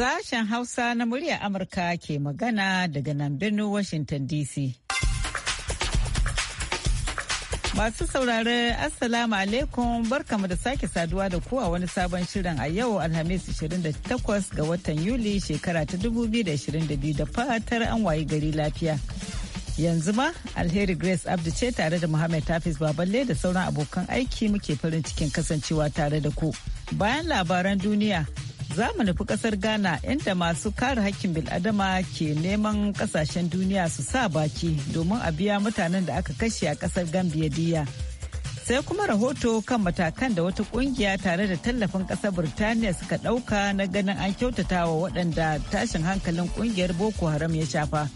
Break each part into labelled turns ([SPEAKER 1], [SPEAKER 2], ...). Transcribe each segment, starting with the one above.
[SPEAKER 1] Sashen Hausa na muryar Amurka ke magana daga nan birnin Washington DC. Masu saurare Assalamu alaikum barkamu da sake saduwa da ku a wani sabon shirin a yau Alhamis 28 ga watan Yuli shekara ta 2022 da fatar an wayi gari lafiya. Yanzu ma Alheri Grace Abdu ce tare da Muhammad tafis Baballe da sauran abokan aiki muke farin cikin kasancewa tare da ku. Bayan labaran duniya za mu nufi kasar ghana inda masu kare hakkin biladama ke neman kasashen duniya su sa baki domin a biya mutanen da aka kashe a kasar gambia diya sai kuma rahoto kan matakan da wata kungiya tare da tallafin kasar birtaniya suka dauka na ganin an kyautata wa waɗanda tashin hankalin kungiyar boko haram ya shafa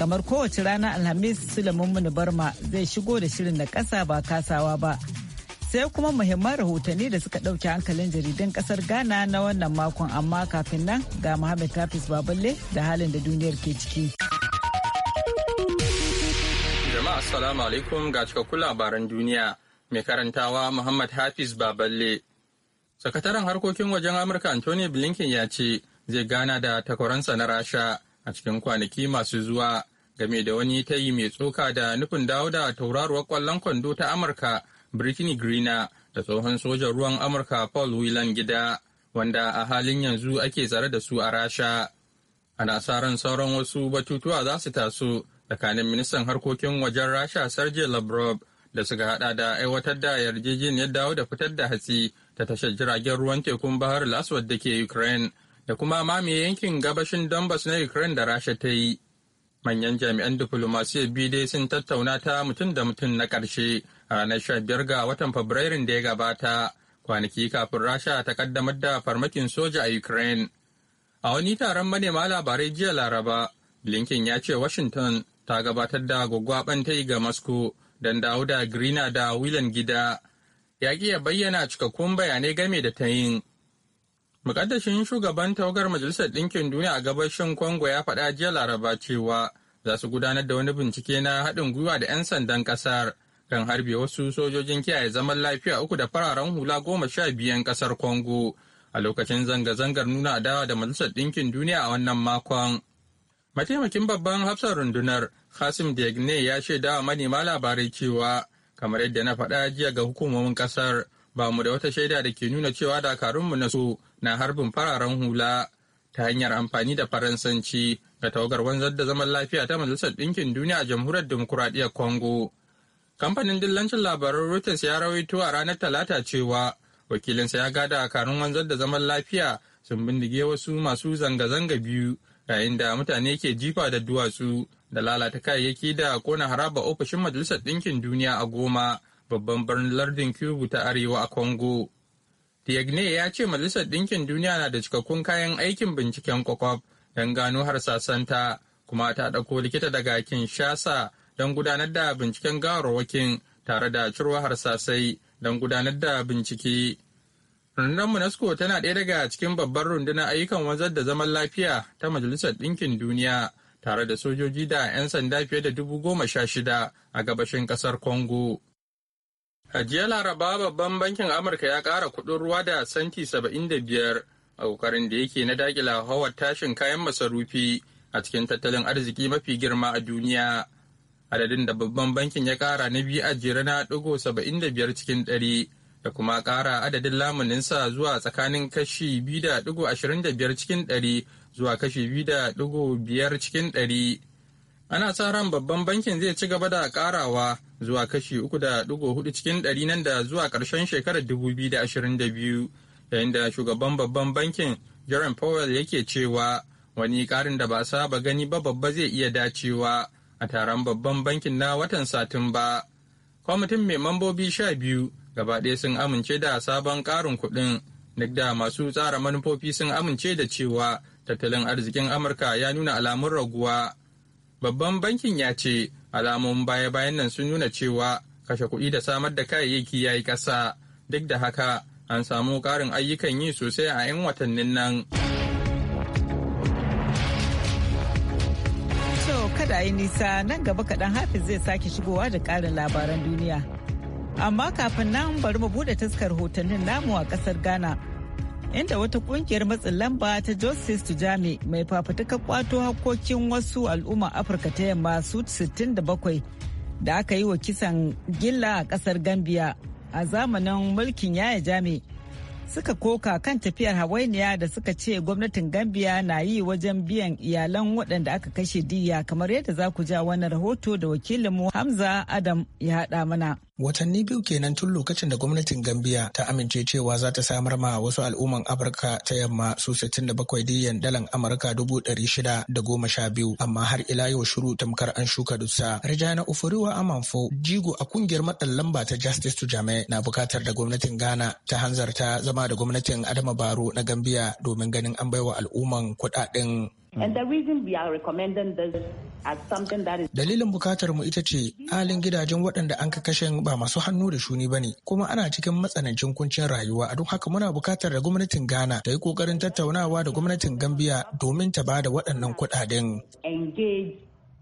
[SPEAKER 1] kamar kowace rana alhamis sulaiman barma zai shigo da shirin da ƙasa ba kasawa ba. sai kuma muhimman rahotanni da suka ɗauki hankalin jaridun ƙasar ghana na wannan makon amma kafin nan ga muhammad tafis baballe da halin da duniyar
[SPEAKER 2] ke ciki
[SPEAKER 3] jama'a assalamu alaikum ga cikakkun labaran duniya mai karantawa muhammad hafiz baballe sakataren harkokin wajen amurka anthony blinken ya ce zai gana da takwaransa na rasha a cikin kwanaki masu zuwa game da wani ta yi mai tsoka da nufin dawo da tauraruwar kwallon kwando ta amurka Brittany greener da tsohon sojan ruwan Amurka Paul Whelan gida wanda a halin yanzu ake zare da su a Rasha. Ana sa ran sauran wasu batutuwa za su taso tsakanin ministan harkokin wajen Rasha Sergei Lavrov da suka hada da aiwatar da yarjejeniyar dawo da fitar da hatsi ta tashar jiragen ruwan tekun Bahar Laswad da ke Ukraine da kuma mamaye yankin gabashin Donbass na Ukraine da Rasha ta yi. Manyan jami'an diflomasiyyar biyu dai sun tattauna ta mutum da mutum na ƙarshe a ranar 15 ga watan Fabrairun da ya gabata kwanaki kafin Rasha ta kaddamar da farmakin soja a Ukraine. A wani taron manema labarai jiya Laraba, Blinken ya ce Washington ta gabatar da gwaggwaban tai ga Moscow don dawo da greener da Wilan gida. Ya ya bayyana cikakkun bayanai game da ta yin. Mukaddashin shugaban tawagar Majalisar Ɗinkin Duniya a gabashin Kongo ya faɗa jiya Laraba cewa za su gudanar da wani bincike na haɗin gwiwa da 'yan sandan ƙasar kan harbe wasu sojojin kiyaye zaman lafiya uku da fararen hula goma sha biyan kasar Congo a lokacin zanga-zangar nuna adawa da Majalisar Ɗinkin Duniya a wannan makon. Mataimakin babban hafsar rundunar hasim Degne ya shaida wa manema labarai cewa kamar yadda na faɗa jiya ga hukumomin ƙasar ba mu da wata shaida da ke nuna cewa dakarunmu na so na harbin fararen hula ta hanyar amfani da faransanci ga tawagar wanzar da zaman lafiya ta Majalisar Ɗinkin Duniya a Jamhuriyar Dimokuraɗiyyar Congo. Kamfanin dillancin labarun Reuters ya rawaito a ranar Talata cewa wakilinsa ya gada a karin wanzar da zaman lafiya sun bindige wasu masu zanga-zanga biyu yayin da mutane ke jifa da duwatsu da lalata kayayyaki da kona haraba ofishin Majalisar Ɗinkin Duniya a Goma, babban birnin lardin Cuba ta Arewa a Congo. Diagne ya ce Majalisar Ɗinkin Duniya na da cikakkun kayan aikin binciken kwakwaf don gano harsasanta kuma ta ɗauko likita daga Kinshasa don gudanar da binciken gawarwakin tare da cirwa harsasai don gudanar da bincike. Rundunar UNESCO tana ɗaya daga cikin babbar rundunar ayyukan wanzar da zaman lafiya ta Majalisar Ɗinkin Duniya tare da sojoji da 'yan sanda fiye da dubu goma sha shida a gabashin ƙasar Congo. A jiya Laraba babban bankin Amurka ya ƙara kuɗin ruwa da santi saba'in da biyar a ƙoƙarin da yake na daƙila hawar tashin kayan masarufi a cikin tattalin arziki mafi girma a duniya. adadin da babban bankin ya kara na biyu a jere na ɗigo saba'in da biyar cikin ɗari da kuma kara adadin lamuninsa zuwa tsakanin kashi biyu da ɗigo ashirin da biyar cikin ɗari zuwa kashi biyu da ɗigo biyar cikin ɗari. Ana sa ran babban bankin zai ci gaba da karawa zuwa kashi uku da ɗigo hudu cikin ɗari nan da zuwa ƙarshen shekarar dubu biyu da ashirin da biyu yayin da shugaban babban bankin Jerome Powell yake cewa wani ƙarin da ba saba gani ba babba zai iya dacewa. a taron babban bankin na watan Satumba. Kwamitin mai mambobi sha biyu gaba ɗaya sun amince da sabon ƙarin kuɗin duk da masu tsara manufofi sun amince da cewa tattalin arzikin Amurka ya nuna alamun raguwa. Babban bankin ya ce alamun baya-bayan nan sun nuna cewa kashe kuɗi da samar da kayayyaki ya yi ƙasa duk da haka an samu ƙarin ayyukan yi sosai a 'yan watannin nan.
[SPEAKER 1] ta yi nisa nan gaba kaɗan hafiz zai sake shigowa da ƙarin labaran duniya. Amma kafin nan bari mu buɗe taskar hotunan namu a ƙasar Ghana. Inda wata ƙungiyar matsin lamba ta Justice jami mai fafutukar kwato hakkokin wasu al'umma Afirka ta yamma su 67 da aka yi wa kisan gilla a ƙasar Gambia a zamanin mulkin yaya jami suka koka kan tafiyar hawainiya da suka ce gwamnatin gambia na yi wajen biyan iyalan waɗanda aka kashe diya kamar yadda za ku ja wani rahoto da wakilinmu hamza adam ya haɗa mana
[SPEAKER 4] Watanni biyu kenan tun lokacin da gwamnatin Gambiya ta amince cewa za ta samar ma wasu al'umman Afirka ta yamma su 67 diyan dalan Amurka 612 amma har ila yau shiru tamkar an shuka dusa. Rijana Ufuriwa Amanfo jigo a kungiyar matsan lamba ta Justice to Jame na bukatar da gwamnatin Ghana ta hanzarta zama da gwamnatin Adama Baro na Gambiya domin ganin an baiwa al'umman kuɗaɗen Mm. Dalilin bukatar mu ita ce halin gidajen waɗanda an ka kashe ba masu hannu da shuni ne kuma ana cikin matsanancin kuncin rayuwa a don haka muna bukatar da gwamnatin Ghana ta yi kokarin tattaunawa da gwamnatin Gambia domin ta ba da waɗannan kuɗaɗen.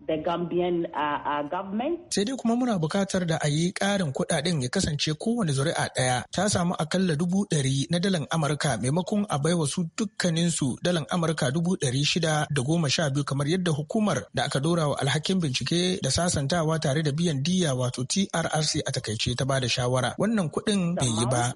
[SPEAKER 1] the Gambian uh, uh, government.
[SPEAKER 4] Sai dai kuma muna bukatar da a yi ƙarin kuɗaɗen ya kasance kowane zuri'a ɗaya ta samu akalla dubu ɗari na dalan Amurka maimakon a wa su dukkaninsu dalan Amurka dubu ɗari shida da goma sha biyu kamar yadda hukumar da aka dora wa alhakin bincike da sasantawa tare da biyan diya wato TRRC a takaice ta ba da shawara. Wannan kuɗin bai yi ba.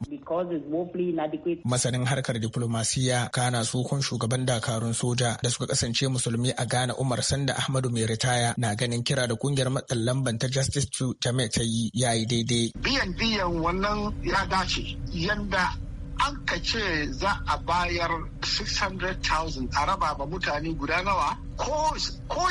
[SPEAKER 4] Masanin harkar diplomasiya kana sokon shugaban dakarun soja da suka kasance musulmi a Ghana Umar Sanda Ahmadu mai ritaya baya na ganin kira da kungiyar matsin lamban ta Justice to Jami'a ta yi ya yi daidai.
[SPEAKER 5] Biyan biyan wannan ya dace yadda an ka ce za a bayar 600,000 a raba ba mutane guda nawa ko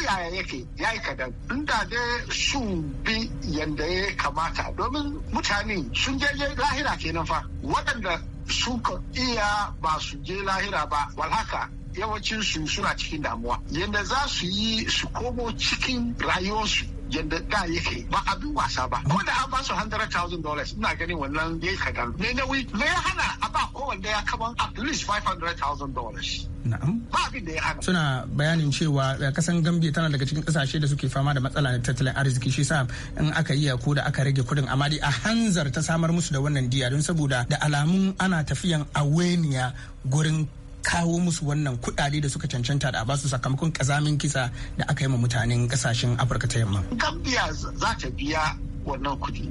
[SPEAKER 5] yaya yake ya yi kadan inda da su bi yadda ya kamata domin mutane sun je lahira kenan fa waɗanda su iya ba su je lahira ba walhaka yawancin su suna cikin damuwa yadda za su yi su komo cikin rayuwarsu yadda da yake ba abin wasa ba ko da an ba su hundred thousand dollars ina ganin wannan ya yi kadan ne wi me ya hana a ba kowanne ya kaman at least five hundred thousand dollars
[SPEAKER 4] Ba abin da ya hana. Suna bayanin cewa eh, kasan Gambia tana daga cikin kasashe da suke fama da matsala na tattalin arziki shi sa in aka yi ko da aka rage kudin amma dai a hanzar ta samar musu da wannan diya don saboda da alamun ana tafiyan aweniya gurin kawo musu wannan kuɗaɗe da suka cancanta da a basu sakamakon kazamin kisa da aka yi ma mutanen kasashen afirka ta yamma
[SPEAKER 5] gambia za ta biya wannan kuɗi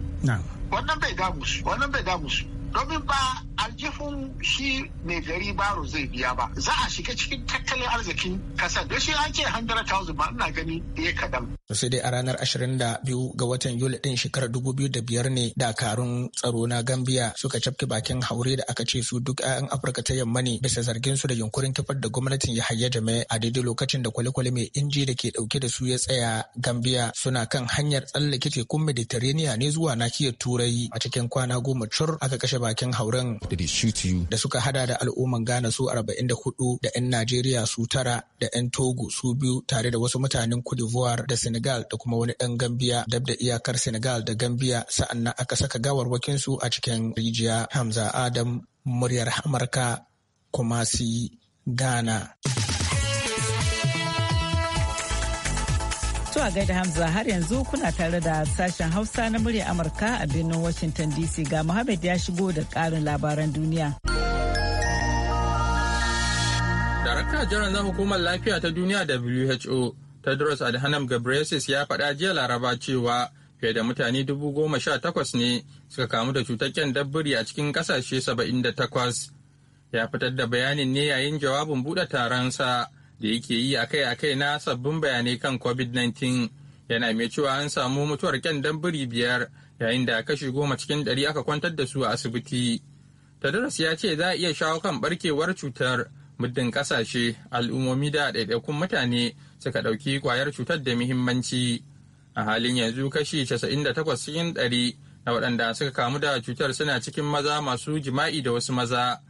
[SPEAKER 5] wannan bai damu su domin ba aljihun shi mai gari baro zai biya ba za a shiga cikin tattalin arzikin kasar da shi an ce 100,000 ba ina gani ya kadan.
[SPEAKER 4] sai dai a ranar 22 ga watan yuli din shekarar 2005 ne dakarun tsaro na gambia suka cafke bakin haure da aka ce su duk 'ya'yan afirka ta yamma ne bisa zargin su da yunkurin kifar da gwamnatin yahaya jame a daidai lokacin da kwale mai inji da ke dauke da su ya tsaya gambia suna kan hanyar tsallake tekun mediterranean ne zuwa nakiyar turai a cikin kwana goma cur aka kashe bakin hauren da suka hada da al'umman Ghana su 44 da 'yan Najeriya su tara da 'yan Togo su biyu tare da wasu mutanen Cote d'Ivoire da Senegal da kuma wani ɗan Gambia dab da iyakar Senegal da Gambia sa'annan aka saka gawarwakin su a cikin rijiya Hamza Adam muryar Amurka Kumasi, Gana.
[SPEAKER 1] a gaida Hamza har yanzu kuna tare da sashen Hausa na murya Amurka a birnin Washington DC ga Muhammad ya shigo da karin labaran duniya.
[SPEAKER 3] Darakta jiran na hukumar lafiya ta duniya WHO Tedros Adhanom Ghebreyesus ya faɗa jiya Laraba cewa fiye da mutane dubu goma sha takwas ne suka kamu da cutar kyan dabbiri a cikin ƙasashe saba'in da takwas. Ya fitar da bayanin ne yayin jawabin buɗe taron sa da yake yi akai-akai na sabbin bayanai kan covid-19 yana mai cewa an samu mutuwar kyandan biri biyar yayin da kashi goma cikin ɗari aka kwantar da su a asibiti tadaras ya ce za a iya shawo kan barkewar cutar muddin kasashe al'ummomi da ɗaiɗaikun mutane suka ɗauki kwayar cutar da muhimmanci a halin yanzu kashi 98 cikin ɗari na waɗanda suka kamu da cutar suna cikin maza masu jima'i da wasu maza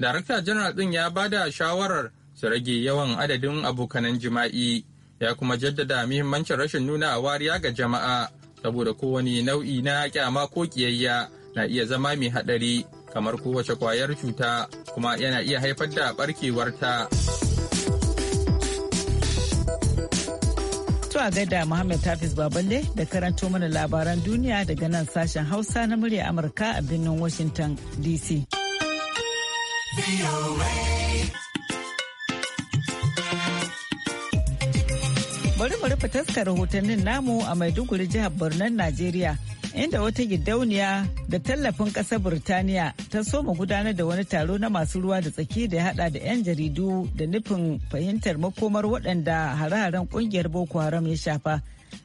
[SPEAKER 3] darakta janar ɗin ya ba da shawarar su rage yawan adadin abokanan jima'i ya kuma jaddada muhimmancin rashin nuna wariya ga jama'a saboda kowane nau'i na kyama ko kiyayya na iya zama mai hadari kamar kowace kwayar cuta kuma yana iya haifar da barkewarta.
[SPEAKER 1] a gaida Muhammad tafis Baballe da karanto mana labaran duniya daga nan sashen Hausa na murya Amurka a birnin Washington DC. bari bari rufe rahotannin namu a maiduguri jihar borno najeriya inda wata gidauniya da tallafin ƙasar Birtaniya ta soma gudanar da wani taro na masu ruwa da tsaki da hada da 'yan jaridu da nufin fahimtar makomar waɗanda hare-haren ƙungiyar Boko Haram ya shafa.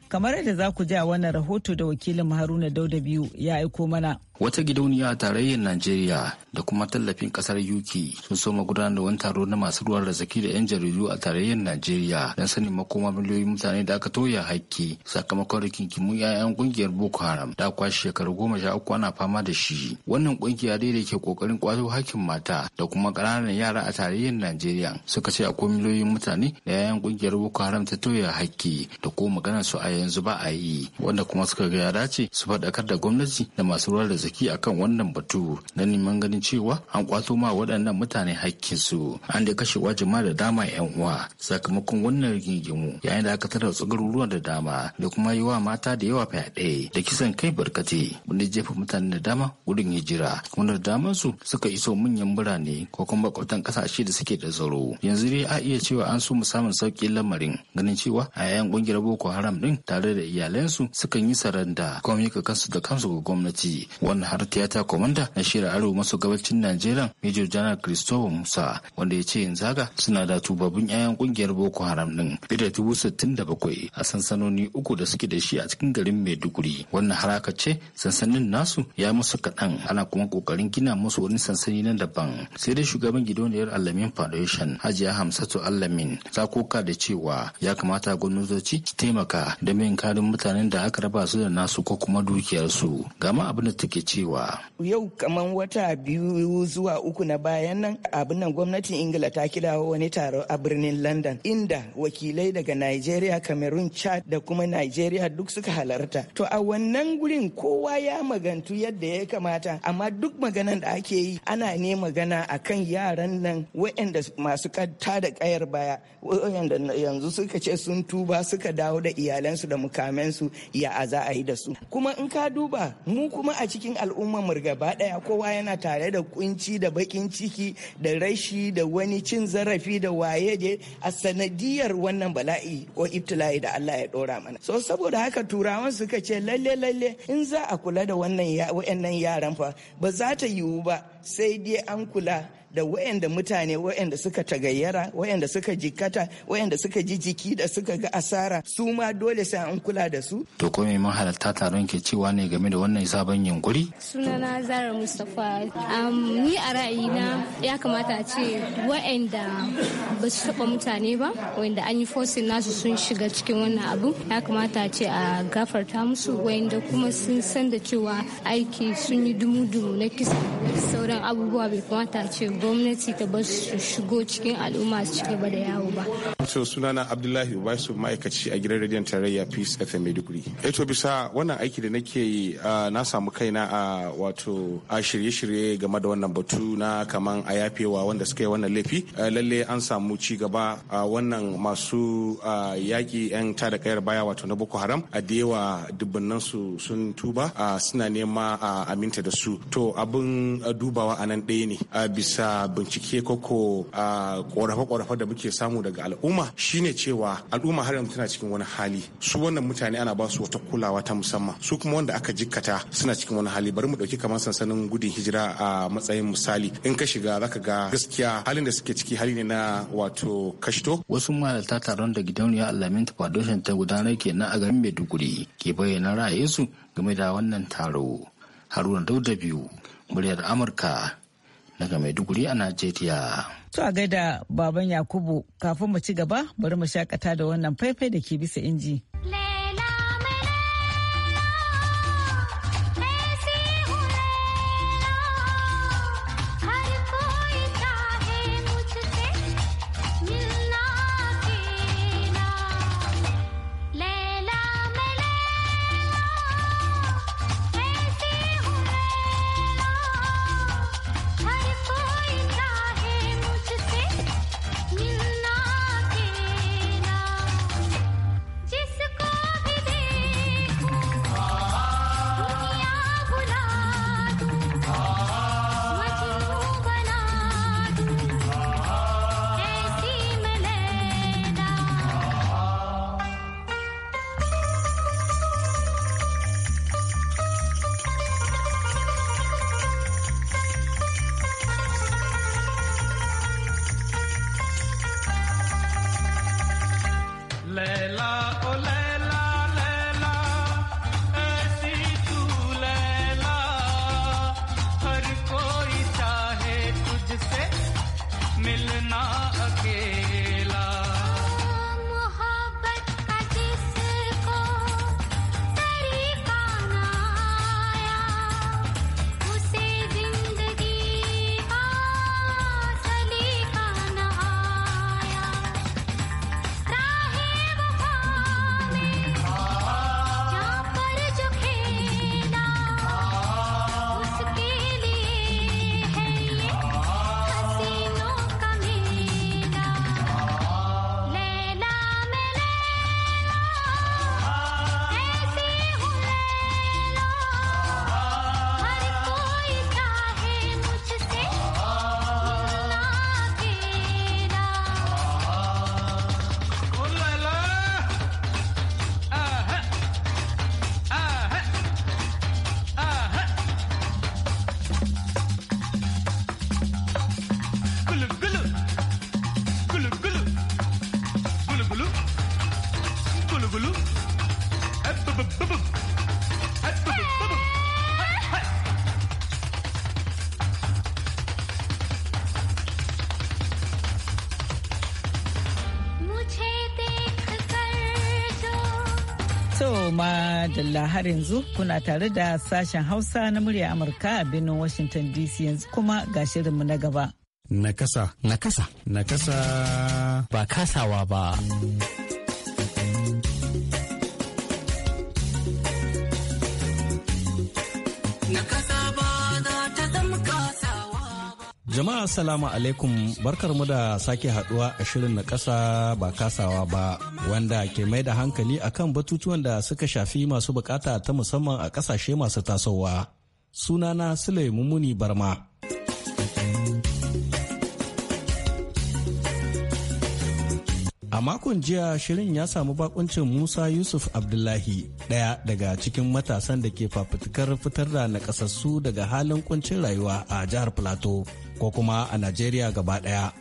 [SPEAKER 1] kamar yadda za ku a wannan rahoto da wakilin haruna dauda biyu ya aiko mana
[SPEAKER 6] wata gidauniya a tarayyar najeriya da kuma tallafin kasar uk sun soma gudanar da wani taro na masu ruwan razaki da 'yan jaridu a tarayyar najeriya don sanin makoma miliyoyin mutane da aka toya haƙƙi sakamakon rikinkimun 'ya'yan kungiyar boko haram da kwa shekaru goma sha uku ana fama da shi wannan kungiya dai da ke kokarin kwato hakkin mata da kuma ƙananan yara a tarayyar najeriya suka ce akwai miliyoyin mutane da 'ya'yan kungiyar boko haram ta toya hakki da ko maganar su su a yanzu ba a yi wanda kuma suka ga ya dace su faɗakar da gwamnati da masu ruwa da zaki akan wannan batu na neman ganin cewa an kwato ma waɗannan mutane hakkinsu an da kashe wajima da dama yan uwa sakamakon wannan rigingimu yayin da aka tara ruwa da dama da kuma yi wa mata da yawa fyaɗe da kisan kai barkate wanda jefa mutane da dama gudun hijira kuma da daman su suka iso manyan birane ko kuma makwabtan kasashe da suke da tsaro yanzu dai a iya cewa an so mu samun sauƙin lamarin ganin cewa a yayin ƙungiyar boko haram ɗin tare da iyalansu sukan yi saranda kuma ka kansu da kansu ga gwamnati wannan har tiyata komanda na shirin arewa maso gabacin najeriya major general christopher musa wanda ya ce yanzu haka suna da tubabin 'ya'yan kungiyar boko haram ɗin fiye da dubu sittin da bakwai a sansanoni uku da suke da shi a cikin garin maiduguri har haka ce sansanin nasu ya musu kaɗan ana kuma ƙoƙarin gina musu wani sansani na daban sai dai shugaban gidauniyar alamin foundation hajiya hamsatu alamin ta koka da cewa ya kamata gwamnatoci su taimaka da domin kadin mutanen da aka raba su da nasu ko kuma dukiyarsu gama abin da take cewa
[SPEAKER 7] yau kamar wata biyu zuwa uku na bayan nan abin nan gwamnatin ingila ta kira wani taro a birnin london inda wakilai daga nigeria cameroon chad da kuma nigeria duk suka halarta to a wannan gurin kowa ya magantu yadda ya kamata amma duk maganan da ake yi ana ne magana akan yaran nan wa'anda masu tada da kayar baya wa'anda yanzu suka ce sun tuba suka dawo da iyalai iyalansu da mukamensu ya a za a yi da su kuma in ka duba mu kuma a cikin al'ummar mu gaba daya kowa yana tare da kunci da bakin ciki da rashi da wani cin zarafi da waye je a sanadiyar wannan bala'i ko ibtila'i da Allah ya dora mana so saboda haka turawan suka ce lalle lalle in za a kula da wannan wayannan yaran fa ba za ta yiwu ba sai dai an kula da wayanda mutane wayanda suka tagayyara wayanda suka jikkata wayanda suka ji jiki da suka ga asara su ma dole sai an kula da su
[SPEAKER 6] to ko mai mahalarta taron ke cewa ne game da wannan sabon yunkuri
[SPEAKER 2] sunana zara mustafa ni a ra'ayina ya kamata a ce wayanda ba su taba mutane ba wayanda an yi fosin nasu sun shiga cikin wannan abu ya kamata a ce a gafarta musu wayanda kuma sun san da cewa aiki sun yi dumu-dumu na kisa sauran abubuwa bai kamata a ce gwamnati ta bar su shigo cikin al'umma su ci gaba da yawo ba.
[SPEAKER 8] So sunana Abdullahi Ubaisu ma'aikaci a gidan rediyon tarayya Peace FM Maiduguri. Eto eh bisa wannan aiki da nake yi na samu kaina a wato a shirye-shirye game da wannan batu na kaman a yafewa wanda suka yi wannan laifi. Lalle an samu ci gaba a wannan masu yaƙi 'yan tada kayar baya wato na Boko Haram a da yawa dubbannan su sun tuba suna nema a aminta da su. To abin dubawa a nan ɗaya ne bisa da bincike koko a korafe-korafe da muke samu daga al'umma shine cewa al'umma har yanzu tana cikin wani hali su wannan mutane ana ba su wata kulawa ta musamman su kuma wanda aka jikkata suna cikin wani hali bari mu dauki kamar sansanin gudun hijira a matsayin misali in ka shiga zaka ga gaskiya halin da suke ciki hali ne na wato kashto
[SPEAKER 6] wasu malalta taron da gidauniya alamin foundation ta gudanar ke na a garin maiduguri ke bayyana ra'ayinsu game da wannan taro haruna dauda biyu muryar amurka daga Maiduguri a Najeriya.
[SPEAKER 1] To a gaida baban Yakubu kafin mu ci gaba bari mu shakata da wannan faifai da ke bisa inji. To da har yanzu kuna tare da sashen Hausa na murya Amurka a birnin Washington DC yanzu kuma ga shirinmu na gaba.
[SPEAKER 9] Nakasa. Nakasa. Nakasa. Ba kasawa ba. Nakasa. Jama'a salamu alaikum mu da sake haduwa a shirin na kasa ba kasawa ba wanda ke mai da hankali akan batutuwan da suka shafi masu bukata ta musamman a kasashe masu tasowa. Sunana Sule Mumuni Barma. A makon jiya shirin ya samu bakuncin Musa Yusuf Abdullahi ɗaya daga cikin matasan da ke fafutukar fitar da nakasassu daga halin kuncin rayuwa a jihar Plateau ko kuma a Najeriya gaba ɗaya.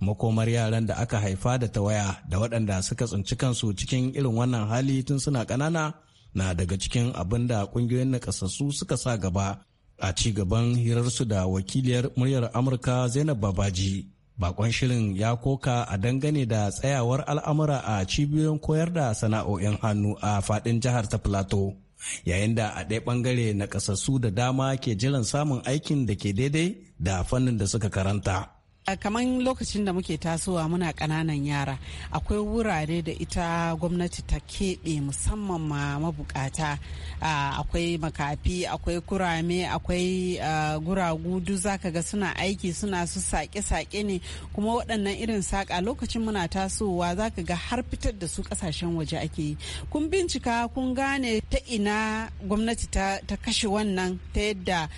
[SPEAKER 9] makomar yaran da aka haifa da tawaya da waɗanda suka tsinci kansu cikin irin wannan hali tun suna ƙanana na daga cikin abin da ƙungiyoyin nakasassu suka sa gaba a ci gaban hirarsu da wakiliyar muryar amurka zainab babaji Bakon shirin ya koka a dangane da tsayawar al'amura a cibiyoyin koyar da sana'o'in hannu a fadin jihar ta plato yayin da a ɗaya bangare na ƙasassu da dama ke jiran samun aikin da ke daidai da fannin da suka karanta.
[SPEAKER 10] kamar lokacin da muke tasowa muna ƙananan yara akwai wurare da ita gwamnati ta keɓe musamman ma mabukata akwai makafi akwai kurame akwai guragu duk zaka ga suna aiki suna su sake-sake ne kuma waɗannan irin saƙa lokacin muna tasowa zaka ga har fitar da su ƙasashen waje ake yi kun bincika kun gane ta ina gwamnati ta kashe wannan ta yadda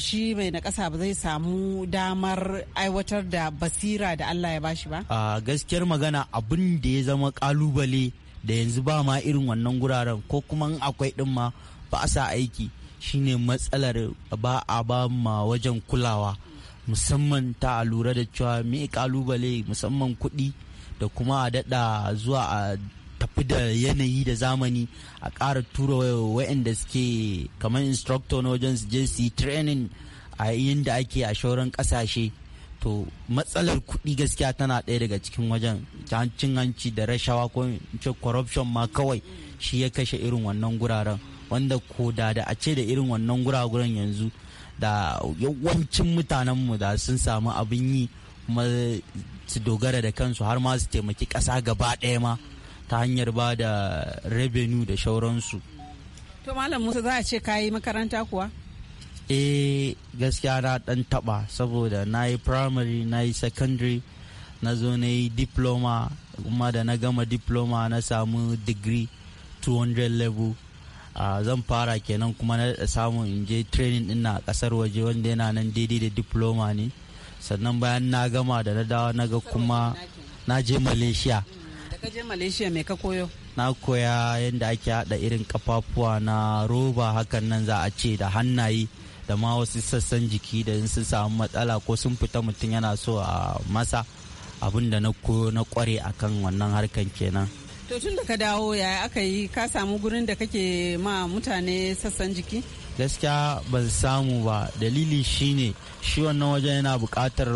[SPEAKER 10] shi mai na ƙasa ba zai samu damar aiwatar da basira da Allah ya bashi ba?
[SPEAKER 11] A gaskiyar magana abin da ya zama kalubale da yanzu ba ma irin wannan guraren ko kuma akwai din ma ba a sa aiki shine matsalar ba a ba ma wajen kulawa musamman ta lura da cewa me kalubale musamman kuɗi da kuma a daɗa zuwa a tafi da yanayi da zamani a kara tura wa'anda suke kamar instructor na wajen su je su yi training a yin da ake a shauran kasashe to matsalar kuɗi gaskiya tana ɗaya daga cikin wajen cin hanci da rashawa ko ce corruption ma kawai shi ya kashe irin wannan guraren wanda ko da da a ce da irin wannan guraguren yanzu da yawancin mutanenmu da sun samu abin yi su dogara da kansu har ma su taimaki ƙasa gaba ɗaya ma ta hanyar ba da revenue da shauransu.
[SPEAKER 10] To Malam Musa za a ce kayi makaranta kuwa?
[SPEAKER 11] eh gaskiya na dan taba saboda na yi primary na yi secondary na zo na yi diploma kuma da na gama diploma na samu degree 200 level uh, zan fara kenan kuma na samu in je training din na kasar waje wanda yana nan daidai da diploma ne sannan bayan na gama da na dawo na ga kuma na je malaysia
[SPEAKER 10] mm, ka je malaysia me ka koyo
[SPEAKER 11] na koya yadda ake hada irin kafafuwa na roba hakan nan za a ce da hannaye da ma wasu sassan jiki da in sun samu matsala ko sun fita mutum yana so a masa abin da na koyo na kware akan wannan harkan kenan
[SPEAKER 10] to tun da ka dawo ya aka yi ka samu gurin da kake ma mutane sassan jiki
[SPEAKER 11] gaskiya ban samu ba dalili shine shi wannan wajen yana buƙatar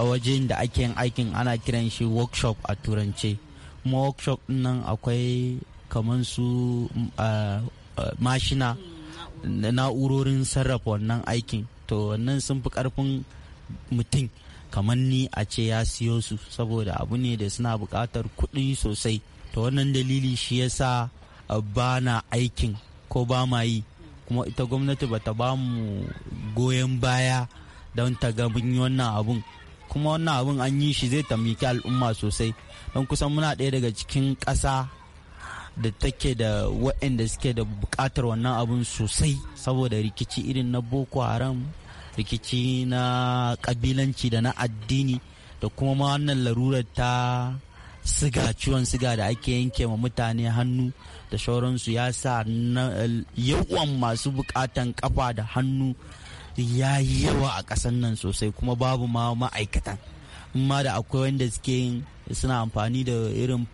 [SPEAKER 11] wajen da ake yin aikin ana kiran shi workshop a turance kuma workshop nan akwai kamar su mm, ah, ah, mashina na'urorin sarrafa wannan aikin to wannan sun fi karfin mutum kamar ni a ce ya siyo su saboda abu ne da suna buƙatar kuɗi sosai to wannan dalili shi ya sa ba na aikin ko ba ma yi kuma ita gwamnati ba ta ba mu goyon baya don ta ga wannan abun kuma wannan abun an yi shi zai tamiki al'umma sosai don kusan muna ɗaya daga cikin ƙasa da take da waɗanda suke da buƙatar wannan abun sosai saboda rikici irin na boko haram rikici na ƙabilanci da na addini da kuma ma wannan larurar ta siga ciwon siga da ake yanke ma mutane hannu da shauransu ya sa yawan masu bukatan kafa da hannu ya yi yawa a ƙasar nan sosai kuma babu ma ma'aikatan ma da akwai wanda suke yin suna amfani da irin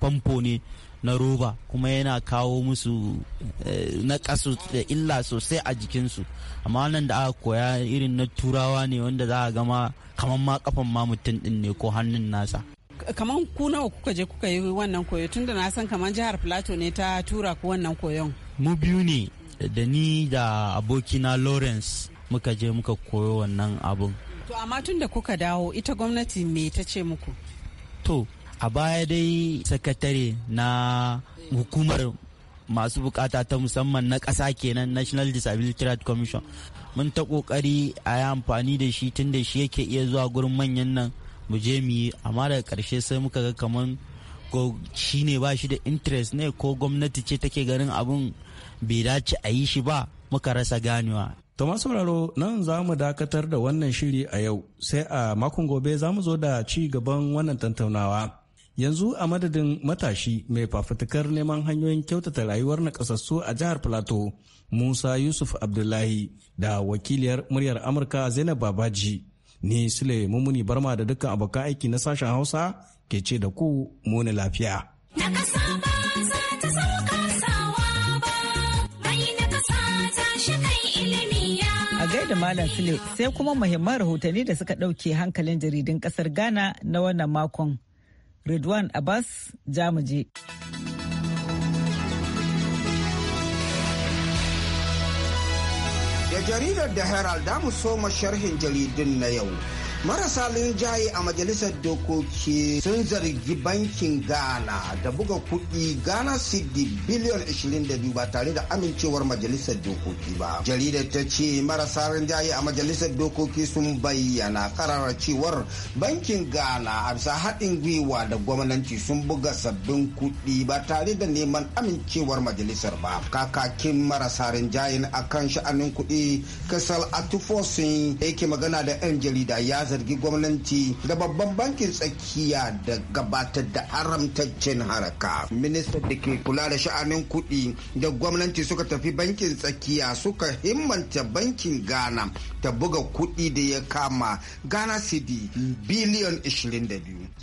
[SPEAKER 11] famfo ne na roba kuma yana kawo musu eh, na kasu da illa sosai a jikinsu amma nan da aka koya irin na turawa ne wanda za a gama kamar ma kafan ma mutum din ne ko hannun nasa
[SPEAKER 10] kamar ku nawa kuka je kuka yi wannan koyo tun da na san kamar jihar plateau ne ta tura ku wannan koyon
[SPEAKER 11] mu biyu ne da ni da abokina lawrence muka je muka koyo wannan abun
[SPEAKER 10] to amma tun da kuka dawo ita gwamnati me ta ce muku
[SPEAKER 11] to a baya dai sakatare na hukumar masu bukata ta musamman na ƙasa kenan national disability rights commission mun ta kokari a yi amfani da shi tunda da shi yake iya zuwa gurin manyan nan mu je mu yi amma daga karshe sai muka ga kamar ko shi ne ba shi da interest ne ko gwamnati ce take ganin abin bai dace a yi shi ba muka rasa ganewa
[SPEAKER 9] To sauraro nan za mu dakatar da wannan shiri a yau sai a makon gobe za mu zo da ci gaban wannan tattaunawa. yanzu a madadin matashi mai fafutukar neman hanyoyin kyautata rayuwar nakasassu a jihar plateau musa yusuf abdullahi da wakiliyar muryar amurka zainab babaji ni sule mumuni barma da dukkan abokan aiki na sashen hausa ke ce da ku muni lafiya
[SPEAKER 1] a gaida malam sule sai kuma muhimman rahotanni da suka ɗauke hankalin jaridun ƙasar ghana na wannan makon Redwan Abbas Jamuje.
[SPEAKER 8] Da jaridar da Herald damu mu soma sharhin jaridun na yau. Marasa linjaye a majalisar dokoki sun zargi bankin Ghana da buga kuɗi Ghana City biliyon 22 ba tare da amincewar majalisar dokoki ba. Jaridar ta ce marasa linjaye a majalisar dokoki sun bayyana karara cewar bankin Ghana a bisa haɗin gwiwa da gwamnati sun buga sabbin kuɗi ba tare da neman amincewar majalisar ba. Kakakin marasa a akan sha'anin kuɗi Kasal Atufosin yake magana da 'yan jarida ya zargi gwamnati da babban bankin tsakiya da gabatar da haramtaccen haraka ministan da ke kula da sha'anin kuɗi da gwamnati suka tafi bankin tsakiya suka himmanta bankin ghana ta buga kuɗi da ya kama ghana city biliyan 22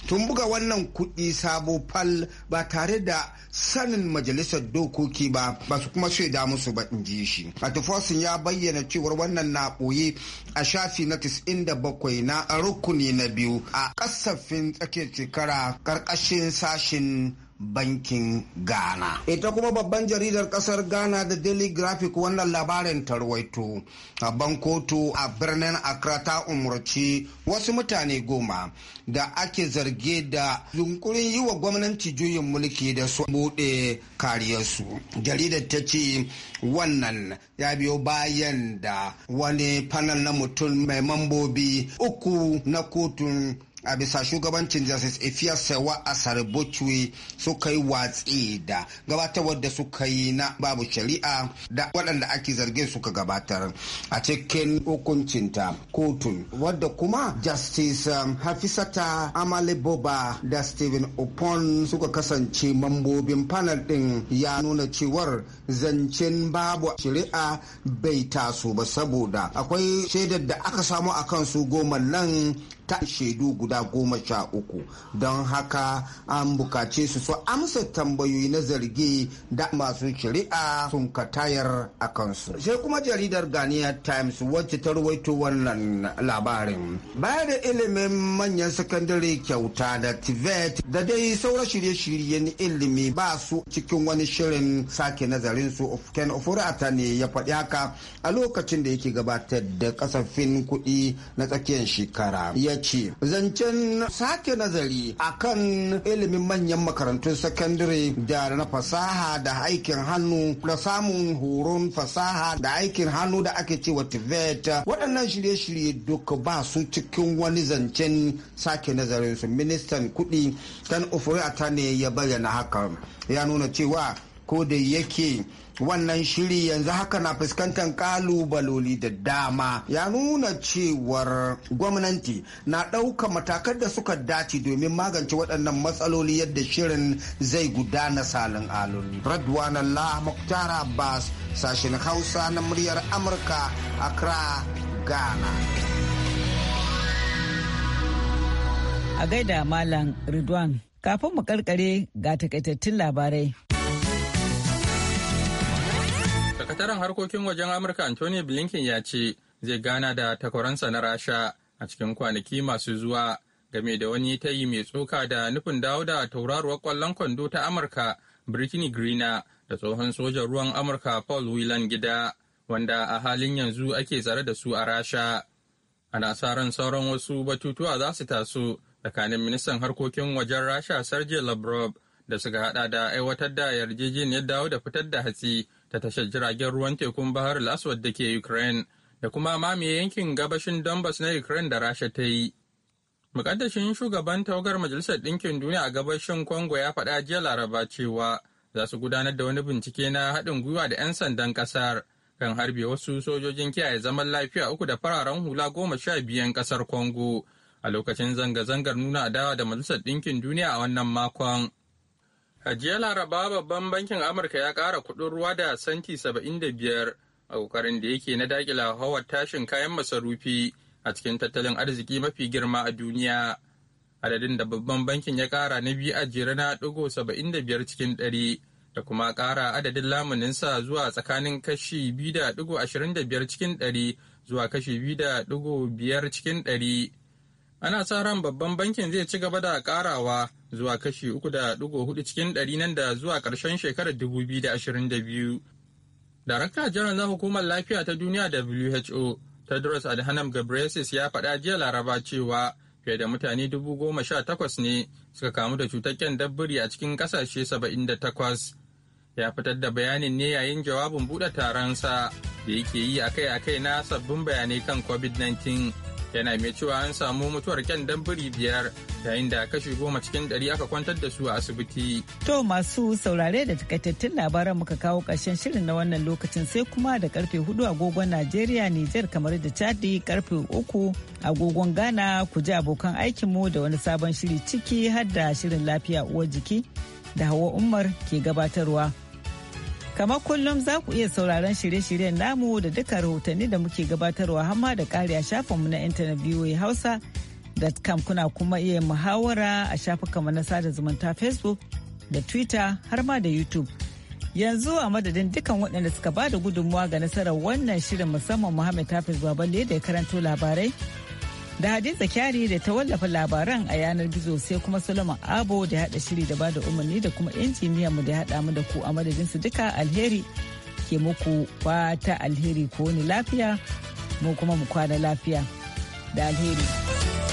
[SPEAKER 8] tun buga wannan kuɗi sabo fal ba tare da sanin majalisar dokoki ba ba su kuma damu musu ba in ji shi atifosin ya bayyana cewar wannan na ɓoye a shafi na 97 na rukuni na biyu a kasafin tsakiyar shekara karkashin sashin bankin ghana ita kuma babban jaridar kasar ghana da daily graphic wannan labarin tarwaito babban kotu a birnin accra ta umarci wasu mutane goma da ake zarge da yunkurin yi wa gwamnati juyin mulki da su buɗe kariyarsu jaridar ta ce wannan ya biyo bayan da wani fanal na mutum mai mambobi uku na kotun a bisa shugabancin justice sewa a sarbocuwe suka yi watsi da gabatarwar da suka yi na babu shari'a da waɗanda ake zargin suka gabatar a cikin hukuncinta kotun wadda kuma justice um, hafisata amale boba da Steven upon suka kasance mambobin panel ɗin ya nuna cewar zancen babu shari'a bai taso ba saboda akwai shaidar da aka samu a kansu goma nan ta shaidu guda goma sha uku don haka an bukace su su amsa tambayoyi na zargi da masu shari'a sun katayar a kansu sai kuma jaridar ghanaian times wacce ta rawaito wannan labarin bayar da ilimin manyan sakandare kyauta da tibet da dai saura shirye-shiryen ilimi ba su cikin wani shirin sake nazarin su ken ofurata ne ya faɗi haka a lokacin da yake gabatar da kasafin kuɗi na tsakiyar shekara ya ce zancen sake nazari a kan ilimin manyan makarantun sakandare da na fasaha da aikin hannu da samun horon fasaha da aikin hannu da ake cewa tibet waɗannan shirye-shirye duk ba su cikin wani zancen sake nazarin su ministan kuɗi kan ofuri ne ya bayyana haka ya nuna cewa ko da yake wannan shiri yanzu haka na fuskantar kalubaloli da dama ya nuna cewar gwamnati na ɗauka matakan da suka dace domin magance waɗannan matsaloli yadda shirin zai gudana salin alun radwan allah muktar abbas sashen hausa na muryar amurka accra ghana
[SPEAKER 1] a gaida malam ridwan kafin mu karkare ga takaitattun labarai
[SPEAKER 3] Sakataren harkokin wajen Amurka Anthony Blinken ya ce zai gana da takwaransa na Rasha a cikin kwanaki masu zuwa game da wani tayi mai tsoka da nufin dawo da tauraruwar kwallon kwando ta Amurka Brittany greener da tsohon sojan ruwan Amurka Paul Whelan gida wanda a halin yanzu ake tsare da su a Rasha. Ana sa ran sauran wasu batutuwa za su taso tsakanin ministan harkokin wajen Rasha Sergei Lavrov da suka hada da aiwatar da yarjejeniyar dawo da fitar da hatsi ta tashar jiragen ruwan tekun bahar laswad da ke ukraine da kuma mamaye yankin gabashin donbas na ukraine da rasha ta yi mukaddashin shugaban tawagar majalisar ɗinkin duniya a gabashin congo ya faɗa jiya laraba cewa za su gudanar da wani bincike na haɗin gwiwa da 'yan sandan ƙasar kan harbe wasu sojojin kiyaye zaman lafiya uku da fararen hula goma sha biyan ƙasar congo a lokacin zanga-zangar nuna adawa da majalisar ɗinkin duniya a wannan makon A jiya Laraba babban bankin Amurka ya ƙara kuɗin ruwa da santi 75 a ƙoƙarin da yake na daƙila hawar tashin kayan masarufi a cikin tattalin arziki mafi girma a duniya. Adadin da babban bankin ya ƙara na biyu a jere na ɗigo 75 cikin ɗari da kuma ƙara adadin lamuninsa zuwa tsakanin kashi 2.25 cikin ɗari zuwa kashi 2.5 cikin ɗari. ana sa ran babban bankin zai ci gaba da karawa zuwa kashi 3.4 cikin ɗari nan da zuwa karshen shekarar 2022. Darakta jiran na hukumar lafiya ta duniya WHO Tedros Adhanom Ghebreyesus ya faɗa jiya Laraba cewa fiye da mutane dubu goma sha takwas ne suka kamu da cutar kyan dabbiri a cikin ƙasashe saba'in da takwas. Ya fitar da bayanin ne yayin jawabin buɗe taron sa da yake yi akai-akai na sabbin bayanai kan COVID-19 yana mai cewa an samu mutuwar kyan biri biyar yayin da kashi goma cikin ɗari aka kwantar da su a asibiti.
[SPEAKER 1] To masu saurare da takaitattun labaran muka kawo ƙarshen shirin na wannan lokacin sai kuma da karfe hudu agogon Najeriya Nijar kamar da Chadi karfe uku agogon Ghana ku ji abokan aikinmu da wani sabon shiri ciki har da shirin lafiya uwar jiki da Hawa Umar ke gabatarwa. Kamar kullum za ku iya sauraron shirye-shiryen namu da duka rahotanni da muke gabatarwa hamma da ƙari a shafinmu na intanet VOA Hausa.com kuna kuma iya muhawara a shafukan na sada zumunta Facebook da Twitter har ma da YouTube. Yanzu a madadin dukan waɗanda suka ba da gudunmuwa ga nasarar wannan shirin musamman Muhammad Hafiz Baballe da ya karanto labarai. da hadiza kyari da ta wallafa labaran a yanar gizo sai kuma solomon abo da hada shiri da bada umarni da kuma injiniyan mu da hada mu da ku a madadin su duka alheri ke muku fata alheri ko ni lafiya mu kuma mu kwana lafiya da alheri.